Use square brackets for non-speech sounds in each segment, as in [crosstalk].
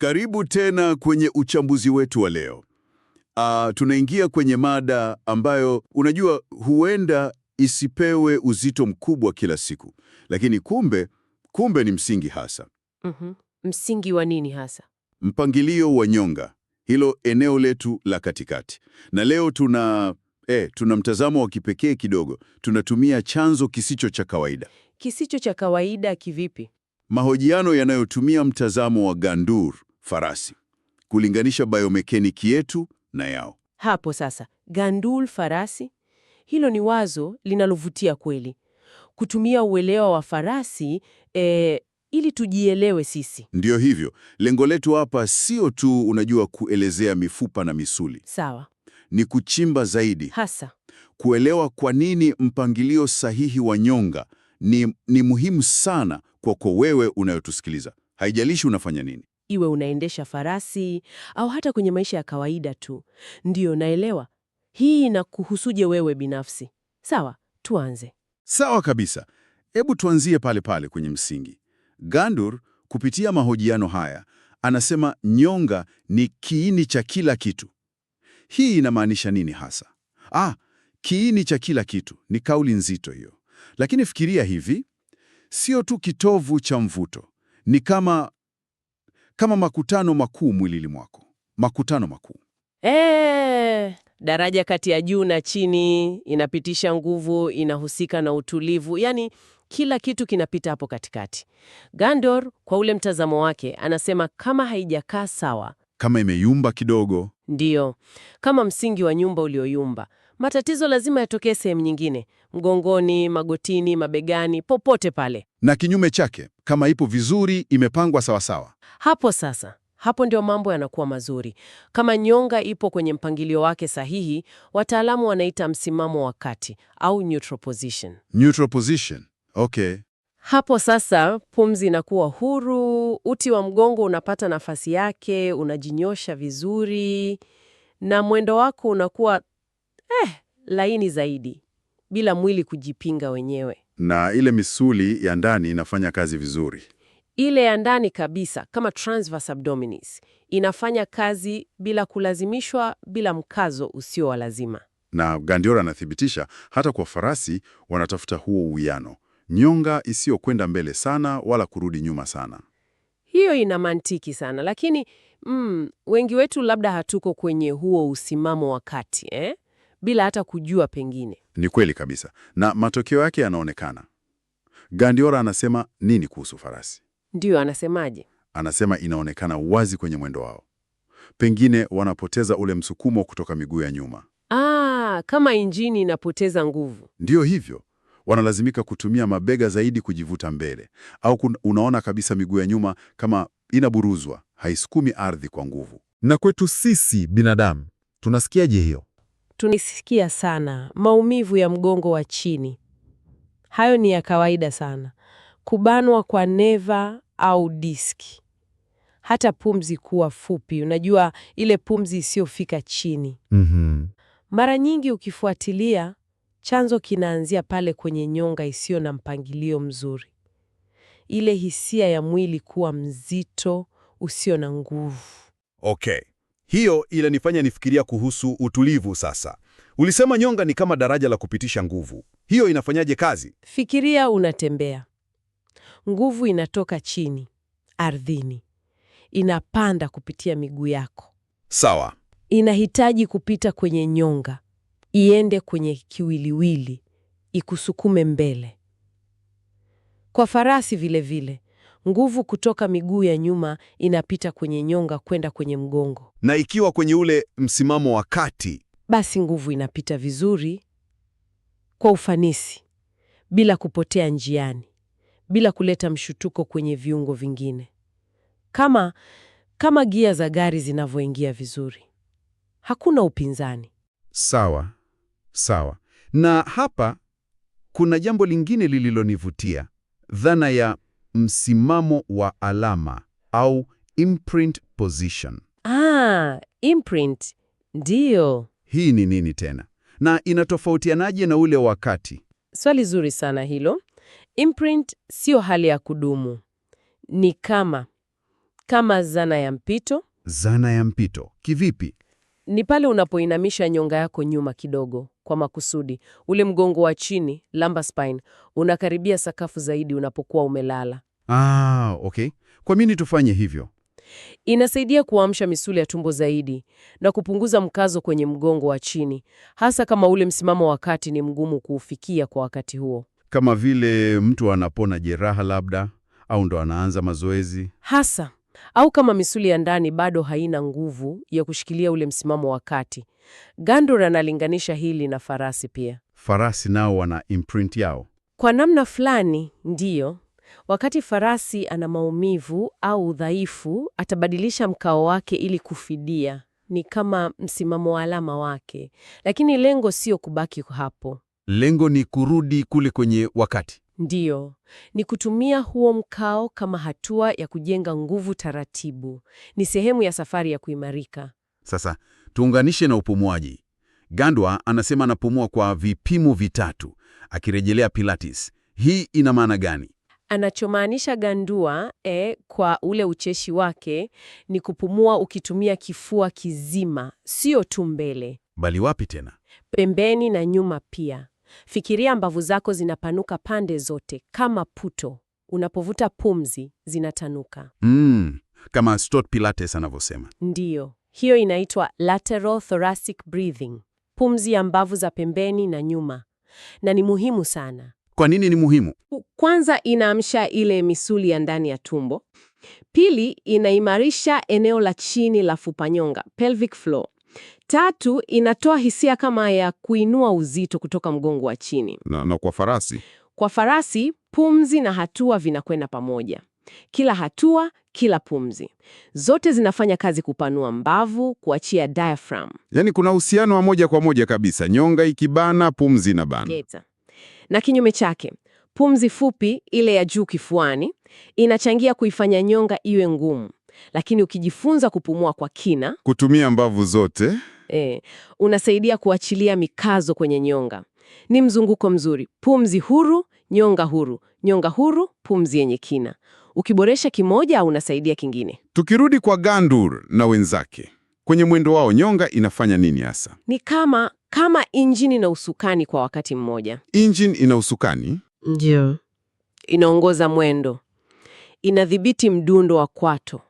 Karibu tena kwenye uchambuzi wetu wa leo. Uh, tunaingia kwenye mada ambayo unajua huenda isipewe uzito mkubwa kila siku, lakini kumbe kumbe ni msingi hasa. Mm -hmm. Msingi wa nini hasa? Mpangilio wa nyonga, hilo eneo letu la katikati. Na leo tuna eh, tuna mtazamo wa kipekee kidogo. Tunatumia chanzo kisicho cha kawaida. Kisicho cha kawaida kivipi? Mahojiano yanayotumia mtazamo wa Gandour, farasi, kulinganisha biomekaniki yetu na yao. Hapo sasa, gandul farasi, hilo ni wazo linalovutia kweli, kutumia uelewa wa farasi e, ili tujielewe sisi. Ndiyo hivyo, lengo letu hapa sio tu, unajua, kuelezea mifupa na misuli. Sawa, ni kuchimba zaidi, hasa kuelewa kwa nini mpangilio sahihi wa nyonga ni, ni muhimu sana kwako wewe unayotusikiliza, haijalishi unafanya nini iwe unaendesha farasi au hata kwenye maisha ya kawaida tu. Ndiyo, naelewa hii inakuhusuje wewe binafsi. Sawa, tuanze. Sawa kabisa. Hebu tuanzie pale pale kwenye msingi. Gandour kupitia mahojiano haya anasema nyonga ni kiini cha kila kitu. Hii inamaanisha nini hasa? Ah, kiini cha kila kitu ni kauli nzito hiyo, lakini fikiria hivi, sio tu kitovu cha mvuto, ni kama kama makutano makuu mwilini mwako, makutano makuu eee. Eh, daraja kati ya juu na chini, inapitisha nguvu, inahusika na utulivu, yani kila kitu kinapita hapo katikati. Gandor kwa ule mtazamo wake anasema kama haijakaa sawa, kama imeyumba kidogo, ndiyo kama msingi wa nyumba ulioyumba, matatizo lazima yatokee sehemu nyingine, mgongoni, magotini, mabegani, popote pale na kinyume chake kama ipo vizuri, imepangwa sawasawa. Hapo sasa, hapo ndio mambo yanakuwa mazuri. Kama nyonga ipo kwenye mpangilio wake sahihi, wataalamu wanaita msimamo wa kati au neutral position. Neutral position. Okay. Hapo sasa pumzi inakuwa huru, uti wa mgongo unapata nafasi yake, unajinyosha vizuri na mwendo wako unakuwa eh, laini zaidi bila mwili kujipinga wenyewe na ile misuli ya ndani inafanya kazi vizuri. Ile ya ndani kabisa kama transverse abdominis inafanya kazi bila kulazimishwa, bila mkazo usio wa lazima. Na Gandiora anathibitisha hata kwa farasi wanatafuta huo uwiano, nyonga isiyokwenda mbele sana wala kurudi nyuma sana. Hiyo ina mantiki sana, lakini mm, wengi wetu labda hatuko kwenye huo usimamo wa kati eh? Bila hata kujua pengine ni kweli kabisa, na matokeo yake yanaonekana. Gandiora anasema nini kuhusu farasi? Ndiyo, anasemaje? Anasema inaonekana wazi kwenye mwendo wao, pengine wanapoteza ule msukumo kutoka miguu ya nyuma. Aa, ah, kama injini inapoteza nguvu. Ndiyo hivyo, wanalazimika kutumia mabega zaidi kujivuta mbele, au unaona kabisa miguu ya nyuma kama inaburuzwa, haisukumi ardhi kwa nguvu. Na kwetu sisi binadamu tunasikiaje hiyo? tunisikia sana maumivu ya mgongo wa chini. Hayo ni ya kawaida sana. Kubanwa kwa neva au diski, hata pumzi kuwa fupi, unajua ile pumzi isiyofika chini. mm -hmm. Mara nyingi ukifuatilia, chanzo kinaanzia pale kwenye nyonga isiyo na mpangilio mzuri, ile hisia ya mwili kuwa mzito usio na nguvu. Okay, hiyo ilinifanya nifikiria kuhusu utulivu. Sasa ulisema nyonga ni kama daraja la kupitisha nguvu, hiyo inafanyaje kazi? Fikiria unatembea, nguvu inatoka chini ardhini, inapanda kupitia miguu yako. Sawa, inahitaji kupita kwenye nyonga, iende kwenye kiwiliwili, ikusukume mbele. Kwa farasi vilevile vile nguvu kutoka miguu ya nyuma inapita kwenye nyonga kwenda kwenye mgongo, na ikiwa kwenye ule msimamo wa kati, basi nguvu inapita vizuri kwa ufanisi, bila kupotea njiani, bila kuleta mshutuko kwenye viungo vingine, kama kama gia za gari zinavyoingia vizuri. Hakuna upinzani. Sawa, sawa. Na hapa kuna jambo lingine lililonivutia, dhana ya msimamo wa alama au imprint position. Ah, imprint ndiyo. Hii ni nini tena na inatofautianaje na ule wakati? Swali zuri sana hilo. Imprint sio hali ya kudumu, ni kama kama zana ya mpito. Zana ya mpito kivipi? ni pale unapoinamisha nyonga yako nyuma kidogo kwa makusudi. Ule mgongo wa chini, lumbar spine, unakaribia sakafu zaidi unapokuwa umelala. Ah, okay. Kwa nini tufanye hivyo? Inasaidia kuamsha misuli ya tumbo zaidi na kupunguza mkazo kwenye mgongo wa chini, hasa kama ule msimamo wa kati ni mgumu kuufikia kwa wakati huo. Kama vile mtu anapona jeraha labda, au ndo anaanza mazoezi hasa au kama misuli ya ndani bado haina nguvu ya kushikilia ule msimamo wa kati. Gandor analinganisha hili na farasi pia. Farasi nao wana imprint yao kwa namna fulani, ndiyo. Wakati farasi ana maumivu au udhaifu, atabadilisha mkao wake ili kufidia. Ni kama msimamo wa alama wake, lakini lengo sio kubaki hapo. Lengo ni kurudi kule kwenye wakati. Ndiyo, ni kutumia huo mkao kama hatua ya kujenga nguvu taratibu. Ni sehemu ya safari ya kuimarika. Sasa tuunganishe na upumuaji. Gandwa anasema anapumua kwa vipimo vitatu, akirejelea Pilates. Hii ina maana gani? Anachomaanisha Gandua e, kwa ule ucheshi wake ni kupumua ukitumia kifua kizima, sio tu mbele, bali wapi tena? Pembeni na nyuma pia. Fikiria mbavu zako zinapanuka pande zote kama puto. Unapovuta pumzi, zinatanuka. Mm, kama Stott Pilates anavyosema. Ndiyo, hiyo inaitwa lateral thoracic breathing, pumzi ya mbavu za pembeni na nyuma, na ni muhimu sana. Kwa nini ni muhimu? Kwanza, inaamsha ile misuli ya ndani ya tumbo. Pili, inaimarisha eneo la chini la fupanyonga, pelvic floor. Tatu, inatoa hisia kama ya kuinua uzito kutoka mgongo wa chini. Na, na kwa farasi kwa farasi pumzi na hatua vinakwenda pamoja. Kila hatua, kila pumzi, zote zinafanya kazi kupanua mbavu, kuachia diaphragm. Yaani kuna uhusiano wa moja kwa moja kabisa, nyonga ikibana, pumzi na bana Geta. Na kinyume chake, pumzi fupi, ile ya juu kifuani, inachangia kuifanya nyonga iwe ngumu, lakini ukijifunza kupumua kwa kina, kutumia mbavu zote e, unasaidia kuachilia mikazo kwenye nyonga. Ni mzunguko mzuri: pumzi huru, nyonga huru, nyonga huru, pumzi yenye kina. Ukiboresha kimoja, unasaidia kingine. Tukirudi kwa Gandour na wenzake kwenye mwendo wao, nyonga inafanya nini hasa? Ni kama kama injini na usukani kwa wakati mmoja. Injini ina usukani, ndio inaongoza mwendo, inadhibiti mdundo wa kwato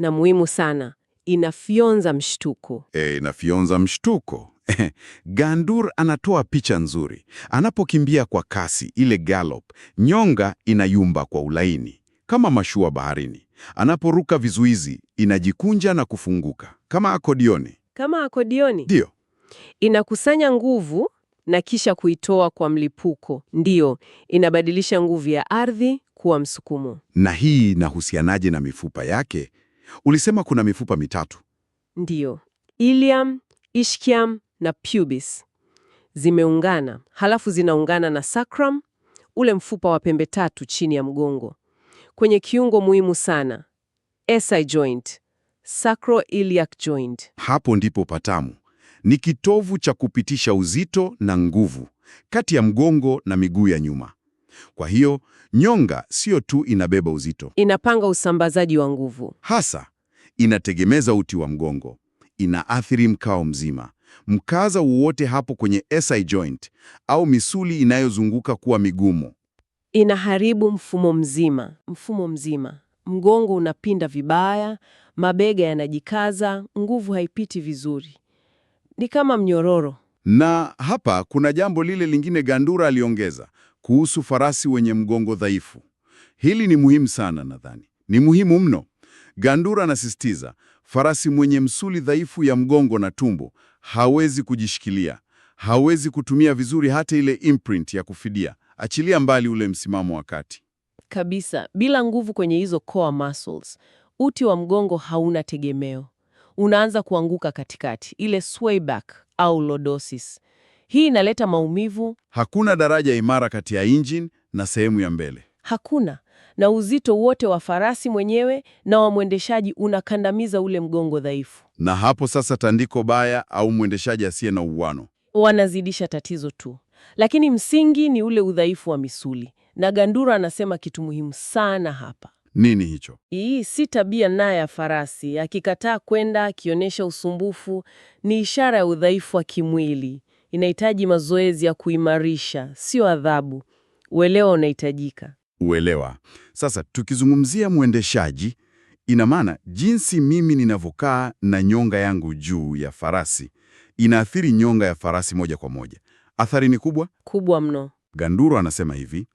na muhimu sana, inafyonza mshtuko. E, inafyonza mshtuko. [laughs] Gandur anatoa picha nzuri. Anapokimbia kwa kasi, ile gallop, nyonga inayumba kwa ulaini kama mashua baharini. Anaporuka vizuizi, inajikunja na kufunguka kama akodioni, kama akodioni. ndio inakusanya nguvu na kisha kuitoa kwa mlipuko. Ndiyo, inabadilisha nguvu ya ardhi kuwa msukumo. Na hii inahusianaje na mifupa yake? Ulisema kuna mifupa mitatu. Ndiyo, ilium, ischium na pubis zimeungana, halafu zinaungana na sacrum, ule mfupa wa pembe tatu chini ya mgongo, kwenye kiungo muhimu sana, SI joint, sacroiliac joint. Hapo ndipo patamu. Ni kitovu cha kupitisha uzito na nguvu kati ya mgongo na miguu ya nyuma. Kwa hiyo nyonga sio tu inabeba uzito, inapanga usambazaji wa nguvu, hasa inategemeza uti wa mgongo, inaathiri mkao mzima. Mkaza wowote hapo kwenye SI joint au misuli inayozunguka kuwa migumu, inaharibu mfumo mzima, mfumo mzima. Mgongo unapinda vibaya, mabega yanajikaza, nguvu haipiti vizuri, ni kama mnyororo. Na hapa kuna jambo lile lingine Gandura aliongeza, kuhusu farasi wenye mgongo dhaifu. Hili ni muhimu sana, nadhani ni muhimu mno. Gandura anasisitiza, farasi mwenye msuli dhaifu ya mgongo na tumbo hawezi kujishikilia, hawezi kutumia vizuri hata ile imprint ya kufidia. Achilia mbali ule msimamo wa kati kabisa, bila nguvu kwenye hizo core muscles, uti wa mgongo hauna tegemeo, unaanza kuanguka katikati, ile sway back au lordosis. Hii inaleta maumivu. Hakuna daraja imara kati ya injini na sehemu ya mbele. Hakuna. Na uzito wote wa farasi mwenyewe na wa mwendeshaji unakandamiza ule mgongo dhaifu. Na hapo sasa tandiko baya au mwendeshaji asiye na uwano wanazidisha tatizo tu, lakini msingi ni ule udhaifu wa misuli. Na Gandura anasema kitu muhimu sana hapa. Nini hicho? Hii si tabia naye ya farasi, akikataa kwenda, akionyesha usumbufu, ni ishara ya udhaifu wa kimwili inahitaji mazoezi ya kuimarisha, sio adhabu. Uelewa unahitajika. Uelewa. Sasa tukizungumzia mwendeshaji, ina maana jinsi mimi ninavyokaa na nyonga yangu juu ya farasi inaathiri nyonga ya farasi moja kwa moja. Athari ni kubwa kubwa mno. Ganduro anasema hivi,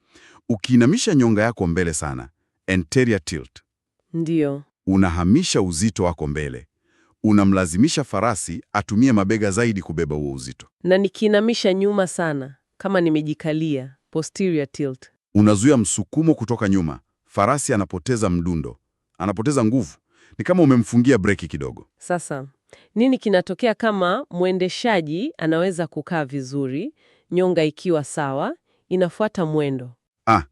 ukiinamisha nyonga yako mbele sana, anterior tilt, unahamisha uzito wako mbele, unamlazimisha farasi atumie mabega zaidi kubeba huo uzito, na nikiinamisha nyuma sana kama nimejikalia posterior tilt. Unazuia msukumo kutoka nyuma, farasi anapoteza mdundo, anapoteza nguvu, ni kama umemfungia breki kidogo. Sasa nini kinatokea kama mwendeshaji anaweza kukaa vizuri, nyonga ikiwa sawa, inafuata mwendo? Ah,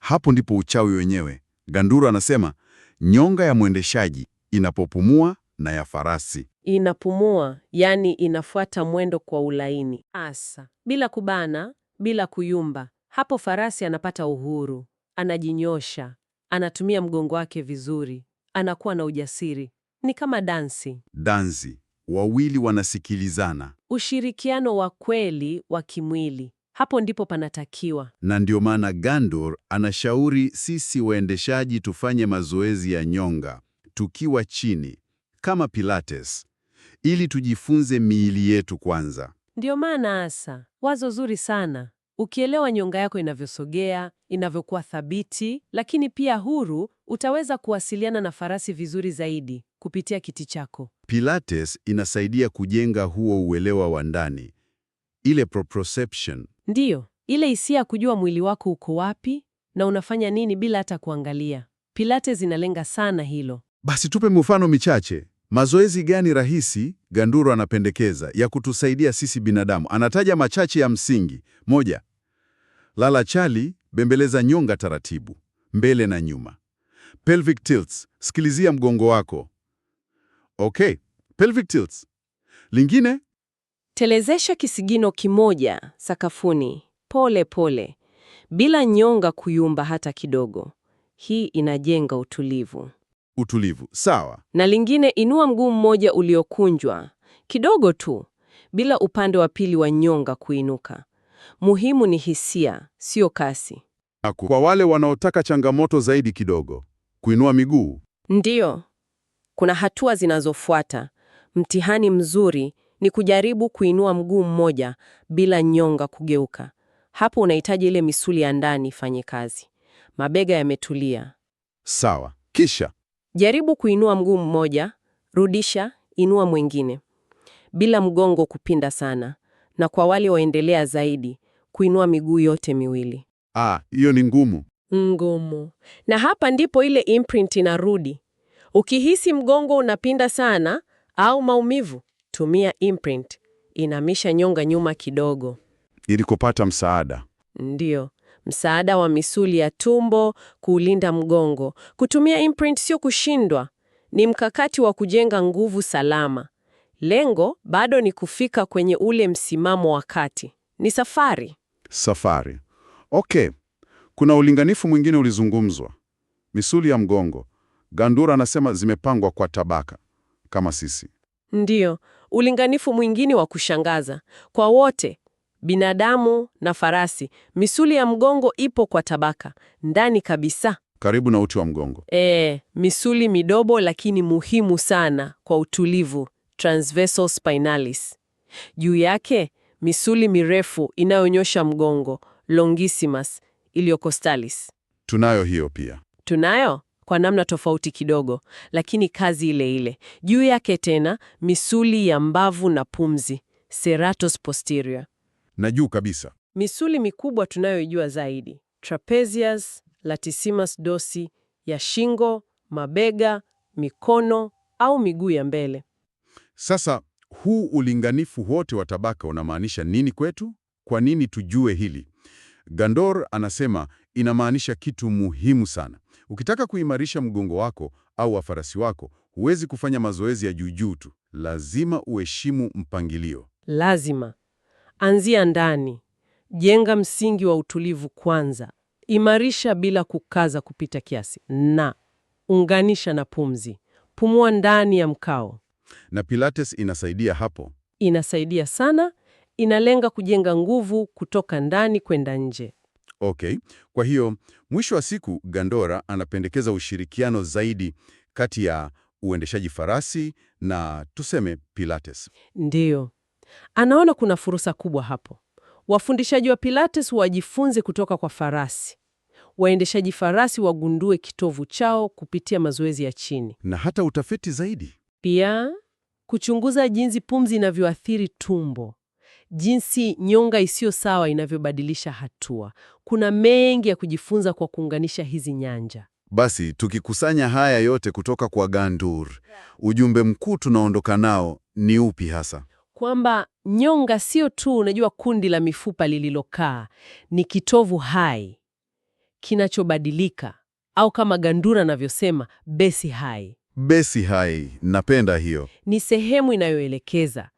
hapo ndipo uchawi wenyewe. Gandura anasema nyonga ya mwendeshaji inapopumua na ya farasi. Inapumua, yani inafuata mwendo kwa ulaini asa, bila kubana, bila kuyumba. Hapo farasi anapata uhuru, anajinyosha, anatumia mgongo wake vizuri, anakuwa na ujasiri. Ni kama dansi dansi, wawili wanasikilizana. Ushirikiano wa kweli wa kimwili hapo ndipo panatakiwa, na ndio maana Gandour anashauri sisi waendeshaji tufanye mazoezi ya nyonga tukiwa chini, kama Pilates ili tujifunze miili yetu kwanza. Ndiyo maana hasa wazo zuri sana. Ukielewa nyonga yako inavyosogea, inavyokuwa thabiti, lakini pia huru, utaweza kuwasiliana na farasi vizuri zaidi kupitia kiti chako. Pilates inasaidia kujenga huo uelewa wa ndani, ile proprioception. Ndiyo, ile hisia ya kujua mwili wako uko wapi na unafanya nini bila hata kuangalia. Pilates inalenga sana hilo. Basi tupe mfano michache. Mazoezi gani rahisi ganduru anapendekeza ya kutusaidia sisi binadamu? Anataja machache ya msingi. Moja, lala chali, bembeleza nyonga taratibu, mbele na nyuma. Pelvic tilts, sikilizia mgongo wako. Okay, pelvic tilts. Lingine, telezesha kisigino kimoja sakafuni pole pole, bila nyonga kuyumba hata kidogo. Hii inajenga utulivu utulivu, sawa. Na lingine, inua mguu mmoja uliokunjwa kidogo tu, bila upande wa pili wa nyonga kuinuka. Muhimu ni hisia, sio kasi. Aku. Kwa wale wanaotaka changamoto zaidi kidogo, kuinua miguu. Ndiyo, kuna hatua zinazofuata. Mtihani mzuri ni kujaribu kuinua mguu mmoja bila nyonga kugeuka. Hapo unahitaji ile misuli ya ndani ifanye kazi, mabega yametulia. Sawa. Kisha Jaribu kuinua mguu mmoja, rudisha, inua mwingine, bila mgongo kupinda sana, na kwa wale waendelea zaidi, kuinua miguu yote miwili. Ah, hiyo ni ngumu. Ngumu. Na hapa ndipo ile imprint inarudi. Ukihisi mgongo unapinda sana au maumivu, tumia imprint. Inamisha nyonga nyuma kidogo ili kupata msaada. Ndiyo msaada wa misuli ya tumbo, kuulinda mgongo. Kutumia imprint sio kushindwa, ni mkakati wa kujenga nguvu salama. Lengo bado ni kufika kwenye ule msimamo wa kati. Ni safari, safari. Okay, kuna ulinganifu mwingine ulizungumzwa, misuli ya mgongo. Gandura anasema zimepangwa kwa tabaka kama sisi. Ndiyo, ulinganifu mwingine wa kushangaza kwa wote binadamu na farasi. Misuli ya mgongo ipo kwa tabaka ndani kabisa, karibu na uti wa mgongo. E, misuli midobo lakini muhimu sana kwa utulivu, transversal spinalis. Juu yake misuli mirefu inayonyosha mgongo, longissimus iliocostalis. Tunayo hiyo pia, tunayo kwa namna tofauti kidogo, lakini kazi ile ile. Juu yake tena misuli ya mbavu na pumzi, serratus posterior na juu kabisa. Misuli mikubwa tunayoijua zaidi, trapezius, latissimus dorsi, ya shingo, mabega, mikono au miguu ya mbele. Sasa huu ulinganifu wote wa tabaka unamaanisha nini kwetu? Kwa nini tujue hili? Gandor anasema inamaanisha kitu muhimu sana. Ukitaka kuimarisha mgongo wako au wafarasi wako, huwezi kufanya mazoezi ya juu tu, lazima uheshimu mpangilio. Lazima Anzia ndani, jenga msingi wa utulivu kwanza, imarisha bila kukaza kupita kiasi, na unganisha na pumzi. Pumua ndani ya mkao. Na Pilates inasaidia hapo, inasaidia sana, inalenga kujenga nguvu kutoka ndani kwenda nje. Okay. Kwa hiyo mwisho wa siku Gandora anapendekeza ushirikiano zaidi kati ya uendeshaji farasi na tuseme Pilates. Ndiyo. Anaona kuna fursa kubwa hapo. Wafundishaji wa Pilates wajifunze kutoka kwa farasi, waendeshaji farasi wagundue kitovu chao kupitia mazoezi ya chini, na hata utafiti zaidi pia kuchunguza jinsi pumzi inavyoathiri tumbo, jinsi nyonga isiyo sawa inavyobadilisha hatua. Kuna mengi ya kujifunza kwa kuunganisha hizi nyanja. Basi tukikusanya haya yote kutoka kwa Gandour, ujumbe mkuu tunaondoka nao ni upi hasa? kwamba nyonga sio tu, unajua, kundi la mifupa lililokaa, ni kitovu hai kinachobadilika, au kama Gandura anavyosema besi hai. Besi hai, napenda hiyo. Ni sehemu inayoelekeza,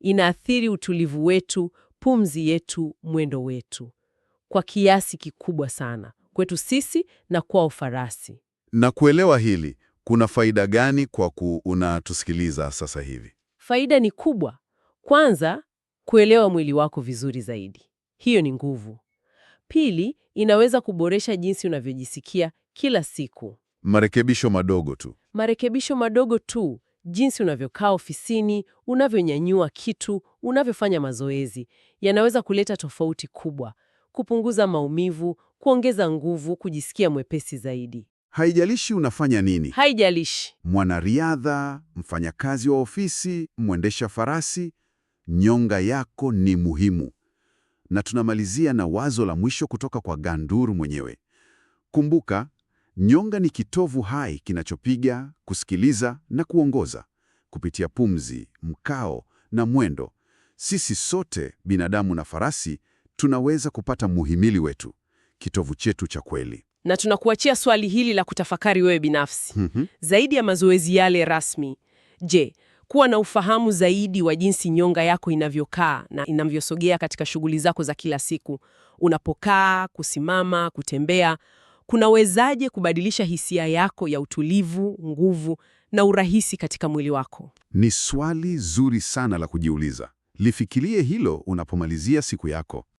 inaathiri utulivu wetu, pumzi yetu, mwendo wetu, kwa kiasi kikubwa sana, kwetu sisi na kwao farasi. Na kuelewa hili, kuna faida gani kwa kuunatusikiliza unatusikiliza sasa hivi? Faida ni kubwa. Kwanza, kuelewa mwili wako vizuri zaidi. Hiyo ni nguvu. Pili, inaweza kuboresha jinsi unavyojisikia kila siku. Marekebisho madogo tu. Marekebisho madogo tu, jinsi unavyokaa ofisini, unavyonyanyua kitu, unavyofanya mazoezi, yanaweza kuleta tofauti kubwa, kupunguza maumivu, kuongeza nguvu, kujisikia mwepesi zaidi. Haijalishi unafanya nini. Haijalishi. Mwanariadha, mfanyakazi wa ofisi, mwendesha farasi, nyonga yako ni muhimu. Na tunamalizia na wazo la mwisho kutoka kwa Gandhur mwenyewe. Kumbuka, nyonga ni kitovu hai kinachopiga, kusikiliza na kuongoza kupitia pumzi, mkao na mwendo. Sisi sote, binadamu na farasi, tunaweza kupata muhimili wetu, kitovu chetu cha kweli. Na tunakuachia swali hili la kutafakari wewe binafsi. Mm -hmm. Zaidi ya mazoezi yale rasmi, je, kuwa na ufahamu zaidi wa jinsi nyonga yako inavyokaa na inavyosogea katika shughuli zako za kila siku. Unapokaa, kusimama, kutembea, kunawezaje kubadilisha hisia yako ya utulivu, nguvu na urahisi katika mwili wako? Ni swali zuri sana la kujiuliza. Lifikirie hilo unapomalizia siku yako.